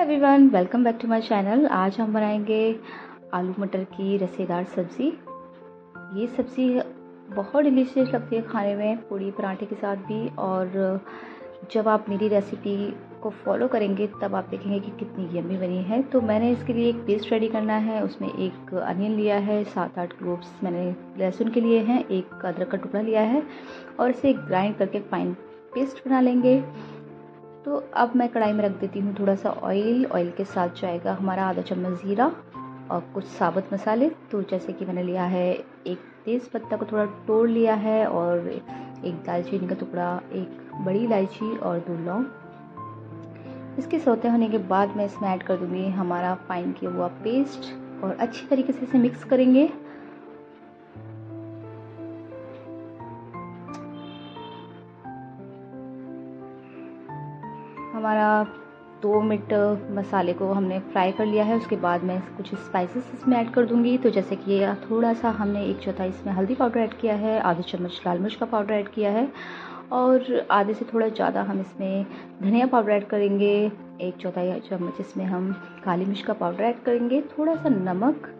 every one welcome back to my channel आज हम बनाएंगे आलू मटर की रसेदार सब्ज़ी ये सब्ज़ी बहुत डिलीशियस लगती है खाने में पूड़ी पराठे के साथ भी और जब आप मेरी रेसिपी को फॉलो करेंगे तब आप देखेंगे कि कितनी यम्मी बनी है तो मैंने इसके लिए एक पेस्ट रेडी करना है उसमें एक अनियन लिया है सात आठ ग्लोब्स मैंने लहसुन के लिए हैं एक अदरक का टुकड़ा लिया है और इसे ग्राइंड करके फाइन पेस्ट बना लेंगे तो अब मैं कढ़ाई में रख देती हूँ थोड़ा सा ऑयल ऑयल के साथ जाएगा हमारा आधा चम्मच ज़ीरा और कुछ साबुत मसाले तो जैसे कि मैंने लिया है एक तेज़ पत्ता को थोड़ा तोड़ लिया है और एक दालचीनी का टुकड़ा एक बड़ी इलायची और दो लौंग इसके सोते होने के बाद मैं इसमें ऐड कर दूँगी हमारा फाइन किया हुआ पेस्ट और अच्छी तरीके से इसे मिक्स करेंगे हमारा दो मिनट मसाले को हमने फ्राई कर लिया है उसके बाद मैं कुछ स्पाइसेस इसमें ऐड कर दूंगी तो जैसे कि ये थोड़ा सा हमने एक चौथाई इसमें हल्दी पाउडर ऐड किया है आधे चम्मच लाल मिर्च का पाउडर ऐड किया है और आधे से थोड़ा ज़्यादा हम इसमें धनिया पाउडर ऐड करेंगे एक चौथाई चम्मच इसमें हम काली मिर्च का पाउडर ऐड करेंगे थोड़ा सा नमक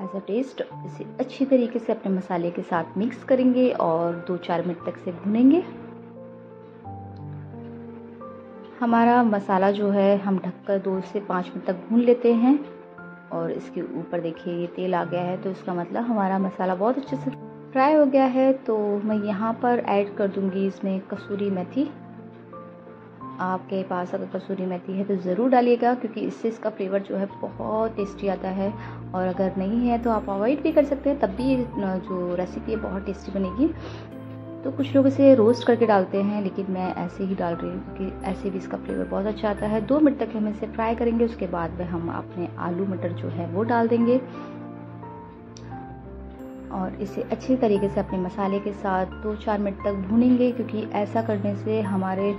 एज अ टेस्ट इसे अच्छी तरीके से अपने मसाले के साथ मिक्स करेंगे और दो चार मिनट तक से भुनेंगे हमारा मसाला जो है हम ढककर दो से पाँच मिनट तक भून लेते हैं और इसके ऊपर देखिए ये तेल आ गया है तो इसका मतलब हमारा मसाला बहुत अच्छे से फ्राई हो गया है तो मैं यहाँ पर ऐड कर दूँगी इसमें कसूरी मेथी आपके पास अगर कसूरी मेथी है तो ज़रूर डालिएगा क्योंकि इससे इसका फ्लेवर जो है बहुत टेस्टी आता है और अगर नहीं है तो आप अवॉइड भी कर सकते हैं तब भी ये जो रेसिपी है बहुत टेस्टी बनेगी तो कुछ लोग इसे रोस्ट करके डालते हैं लेकिन मैं ऐसे ही डाल रही हूँ कि ऐसे भी इसका फ्लेवर बहुत अच्छा आता है दो मिनट तक हम इसे फ्राई करेंगे उसके बाद में हम अपने आलू मटर जो है वो डाल देंगे और इसे अच्छे तरीके से अपने मसाले के साथ दो चार मिनट तक भूनेंगे क्योंकि ऐसा करने से हमारे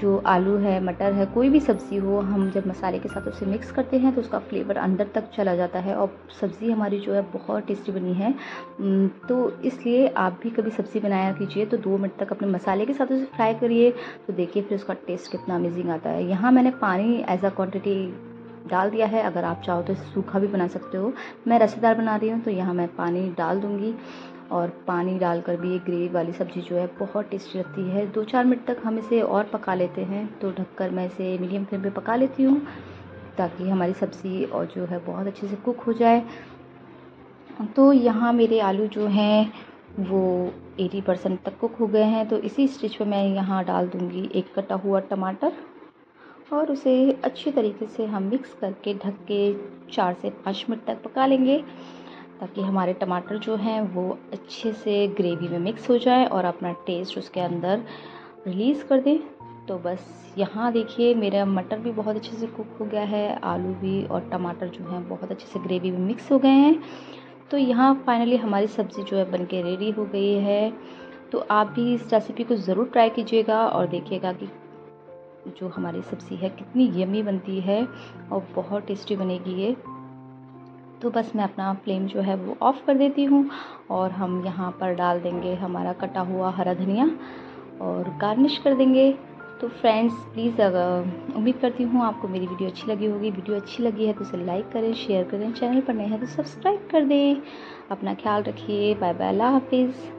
जो आलू है मटर है कोई भी सब्ज़ी हो हम जब मसाले के साथ उसे मिक्स करते हैं तो उसका फ्लेवर अंदर तक चला जाता है और सब्ज़ी हमारी जो है बहुत टेस्टी बनी है तो इसलिए आप भी कभी सब्ज़ी बनाया कीजिए तो दो मिनट तक अपने मसाले के साथ उसे फ्राई करिए तो देखिए फिर उसका टेस्ट कितना अमेजिंग आता है यहाँ मैंने पानी एज अ क्वान्टिटी डाल दिया है अगर आप चाहो तो सूखा भी बना सकते हो मैं रसेदार बना रही हूँ तो यहाँ मैं पानी डाल दूँगी और पानी डालकर भी ये ग्रेवी वाली सब्ज़ी जो है बहुत टेस्टी लगती है दो चार मिनट तक हम इसे और पका लेते हैं तो ढककर मैं इसे मीडियम फ्लेम पे पका लेती हूँ ताकि हमारी सब्ज़ी और जो है बहुत अच्छे से कुक हो जाए तो यहाँ मेरे आलू जो हैं वो 80 परसेंट तक कुक हो गए हैं तो इसी स्टेज पे मैं यहाँ डाल दूँगी एक कटा हुआ टमाटर और उसे अच्छी तरीके से हम मिक्स करके ढक के चार से पाँच मिनट तक पका लेंगे ताकि हमारे टमाटर जो हैं वो अच्छे से ग्रेवी में मिक्स हो जाए और अपना टेस्ट उसके अंदर रिलीज़ कर दें तो बस यहाँ देखिए मेरा मटर भी बहुत अच्छे से कुक हो गया है आलू भी और टमाटर जो हैं बहुत अच्छे से ग्रेवी में मिक्स हो गए हैं तो यहाँ फाइनली हमारी सब्ज़ी जो है बन के रेडी हो गई है तो आप भी इस रेसिपी को ज़रूर ट्राई कीजिएगा और देखिएगा कि जो हमारी सब्ज़ी है कितनी यमी बनती है और बहुत टेस्टी बनेगी ये तो बस मैं अपना फ्लेम जो है वो ऑफ़ कर देती हूँ और हम यहाँ पर डाल देंगे हमारा कटा हुआ हरा धनिया और गार्निश कर देंगे तो फ्रेंड्स प्लीज़ अगर उम्मीद करती हूँ आपको मेरी वीडियो अच्छी लगी होगी वीडियो अच्छी लगी है तो उसे लाइक करें शेयर करें चैनल पर नए हैं तो सब्सक्राइब कर दें अपना ख्याल रखिए बाय बाय अल्लाह हाफिज़